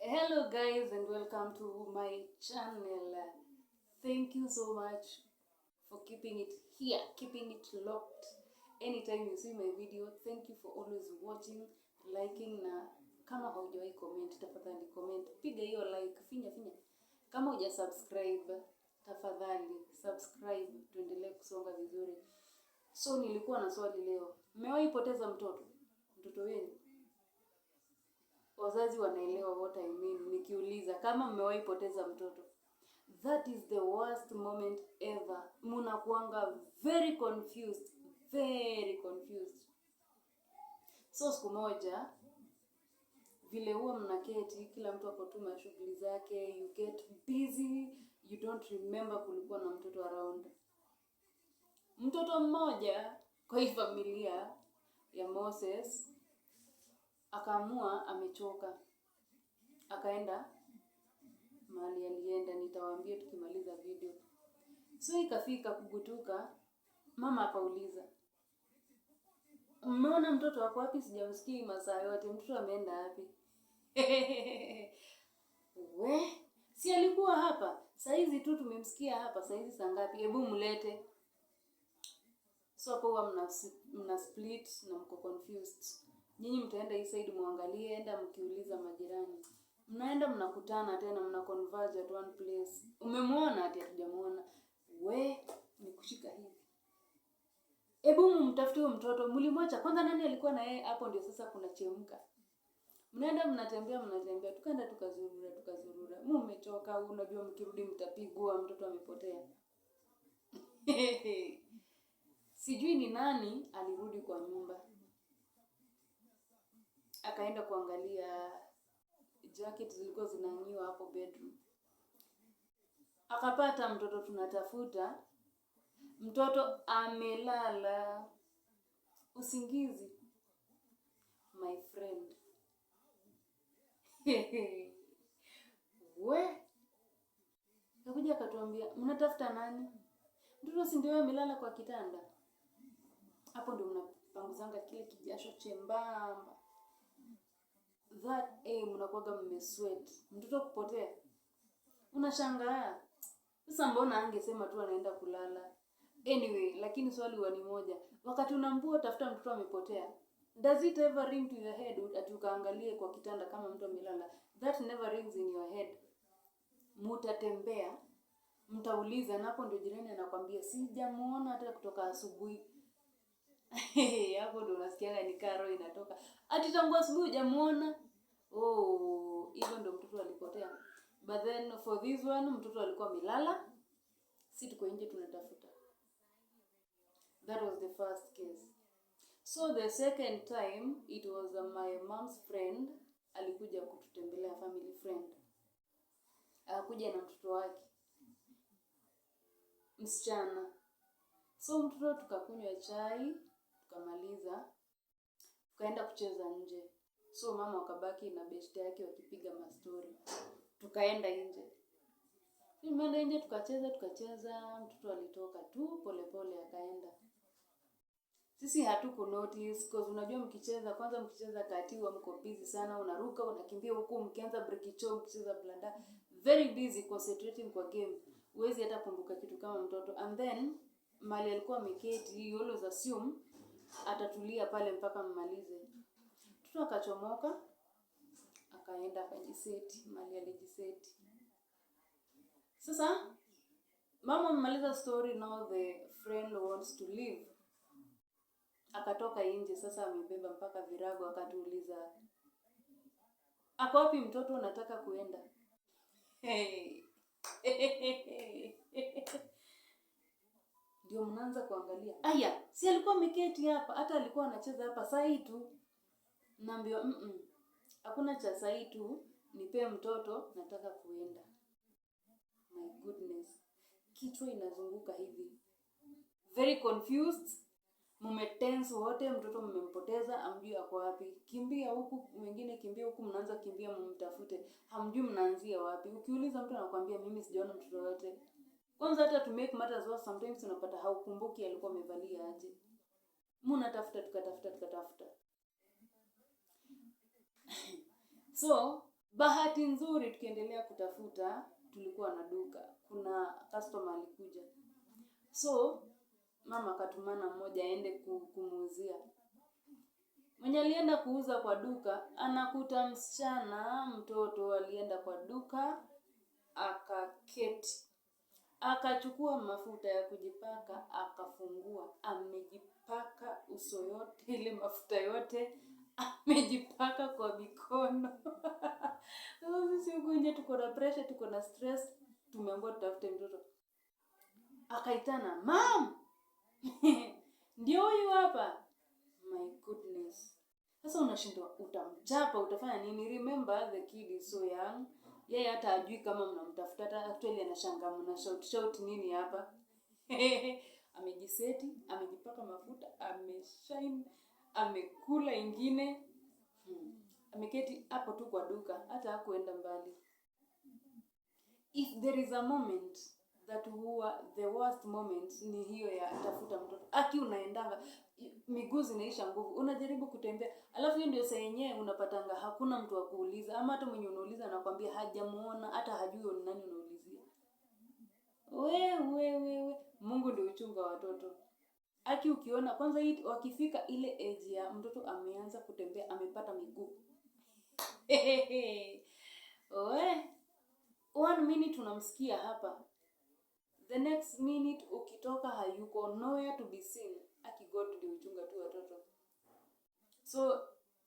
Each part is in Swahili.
hello guys and welcome to my channel thank you so much for keeping it here keeping it locked anytime you see my video thank you for always watching liking na kama haujawahi comment tafadhali comment piga hiyo like finya finya kama huja subscribe tafadhali subscribe tuendelee kusonga vizuri so nilikuwa na swali leo mmewahi poteza mtoto wazazi wanaelewa what I mean nikiuliza kama mmewahi poteza mtoto that is the worst moment ever munakuanga very confused very confused so siku moja vile huwa mnaketi kila mtu akotuma shughuli zake you get busy you don't remember kulikuwa na mtoto around mtoto mmoja kwa hii familia ya moses Akaamua amechoka, akaenda mahali alienda, nitawaambia tukimaliza video. So ikafika kugutuka, mama akauliza, mmeona mtoto wako wapi? Sijamsikii masaa yote, mtoto ameenda wapi? We, si alikuwa hapa saizi tu, tumemsikia hapa saizi. Saa ngapi? Hebu mlete. So hapo huwa mna, mna split na mko confused Nyinyi mtaenda hii side muangalie, enda mkiuliza majirani. Mnaenda mnakutana tena mna converge at one place. Umemwona ati hatujamuona. We nikushika hivi. Hebu mumtafute huyo mtoto, mlimwacha kwanza. Nani alikuwa na yeye hapo? Ndio sasa kuna chemka. Mnaenda mnatembea, mnatembea, tukaenda tukazurura, tukazurura, mmechoka. Unajua mkirudi mtapigwa, mtoto amepotea. Sijui ni nani alirudi kwa nyumba akaenda kuangalia jacket zilikuwa zinanyiwa hapo bedroom, akapata mtoto tunatafuta, mtoto amelala usingizi, my friend we kakuja akatuambia, mnatafuta nani? Mtoto si ndio amelala kwa kitanda hapo, ndio mnapanguzanga kile kijasho chembamba that aim unakuwaga mmesweat mtoto kupotea, unashangaa sasa, mbona angesema tu anaenda kulala anyway. Lakini swali huwa ni moja, wakati unambua tafuta mtoto amepotea, does it ever ring to your head ati ukaangalie kwa kitanda kama mtu amelala? That never rings in your head. Mutatembea mtauliza, napo ndio jirani anakwambia sijamuona hata kutoka asubuhi hapo ndo unasikiaga ni karo inatoka. Ati tangu asubuhi hujamuona? Oh, hivyo ndo mtoto alipotea. But then for this one mtoto alikuwa amelala. Si tuko nje tunatafuta. That was the first case. So the second time it was uh, my mom's friend alikuja kututembelea family friend. Akakuja na mtoto wake. Msichana. So mtoto tukakunywa chai tukamaliza tukaenda kucheza nje so mama wakabaki na best yake wakipiga mastori tukaenda nje tumeenda nje tukacheza tukacheza mtoto alitoka tu polepole pole, akaenda sisi hatuku notice cause unajua mkicheza kwanza mkicheza kati katiwa mko busy sana unaruka unakimbia huku mkianza break cho mkicheza blanda very busy concentrating kwa game huwezi hata kumbuka kitu kama mtoto and then mali alikuwa ameketi you always assume atatulia pale mpaka mmalize. Mtoto akachomoka akaenda akajiseti mali alijiseti. Sasa mama mmaliza story, now the friend wants to leave. Akatoka nje sasa, amebeba mpaka virago, akatuuliza akopi mtoto, unataka kuenda? hey. ndio mnaanza kuangalia. Aya, si alikuwa ameketi hapa, hata alikuwa anacheza hapa saa hii tu. Naambiwa mm -mm. Hakuna cha saa hii tu, nipee mtoto, nataka kuenda. My goodness. Kichwa inazunguka hivi. Very confused. Mume tense wote, mtoto mmempoteza, amjui ako wapi. Kimbia huku, wengine kimbia huku, mnaanza kimbia mumtafute. Hamjui mnaanzia wapi. Ukiuliza mtu anakuambia mimi sijaona mtoto yote. Kwanza hata to make matters worse, sometimes unapata haukumbuki alikuwa amevalia aje. Mimi natafuta tukatafuta tukatafuta. So, bahati nzuri tukiendelea kutafuta tulikuwa na duka. Kuna customer alikuja. So, mama akatumana mmoja aende kumuuzia. Mwenye alienda kuuza kwa duka, anakuta msichana mtoto alienda kwa duka akaketi Akachukua mafuta ya kujipaka, akafungua, amejipaka uso yote, ile mafuta yote amejipaka kwa mikono. Sisi huku nje tuko na pressure, tuko na stress, tumeambiwa tutafute mtoto. Akaitana, mam, ndio huyu hapa. My goodness! Sasa unashindwa, utamchapa, utafanya nini? Remember the kid is so young yeye hata ajui kama mnamtafuta, hata actually anashangaa mna shout shout nini hapa amejiseti, amejipaka mafuta, ameshine, amekula ingine hmm. Ameketi hapo tu kwa duka, hata hakuenda mbali. If there is a moment that huwa the worst moment ni hiyo ya tafuta mtoto, aki unaendanga miguu zinaisha nguvu, unajaribu kutembea, alafu hiyo ndio saa yenyewe unapatanga hakuna mtu wa kuuliza, ama hata mwenye unauliza anakwambia hajamuona, hata hajui ni nani unaulizia. Wewe wewe, Mungu ndio uchunga watoto. Aki ukiona kwanza hii, wakifika ile age ya mtoto ameanza kutembea, amepata miguu we one minute unamsikia hapa, the next minute ukitoka hayuko, nowhere to be seen aki God ndio uchunga tu watoto. So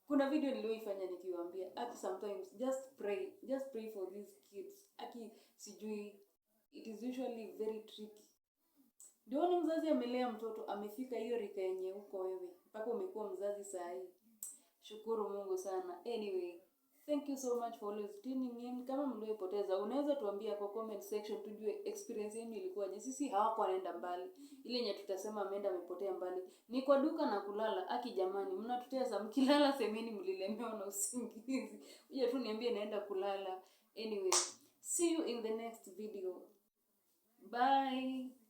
kuna video niliyoifanya nikiwaambia aki sometimes just pray, just pray for these kids. Aki sijui it is usually very tricky. Ndio mzazi amelea mtoto amefika hiyo rika yenye uko wewe mpaka umekuwa mzazi saa hii. Shukuru Mungu sana. Anyway, Thank you so much for always tuning in. Kama mlioipoteza, unaweza tuambia kwa comment section tujue experience yenu ilikuwaje. Sisi hawako wanaenda mbali. Ile yenye tutasema ameenda amepotea mbali. Ni kwa duka na kulala. Aki jamani, mnatutesa mkilala semeni mlilemewa na usingizi. Uje tu niambie naenda kulala. Anyway, see you in the next video. Bye.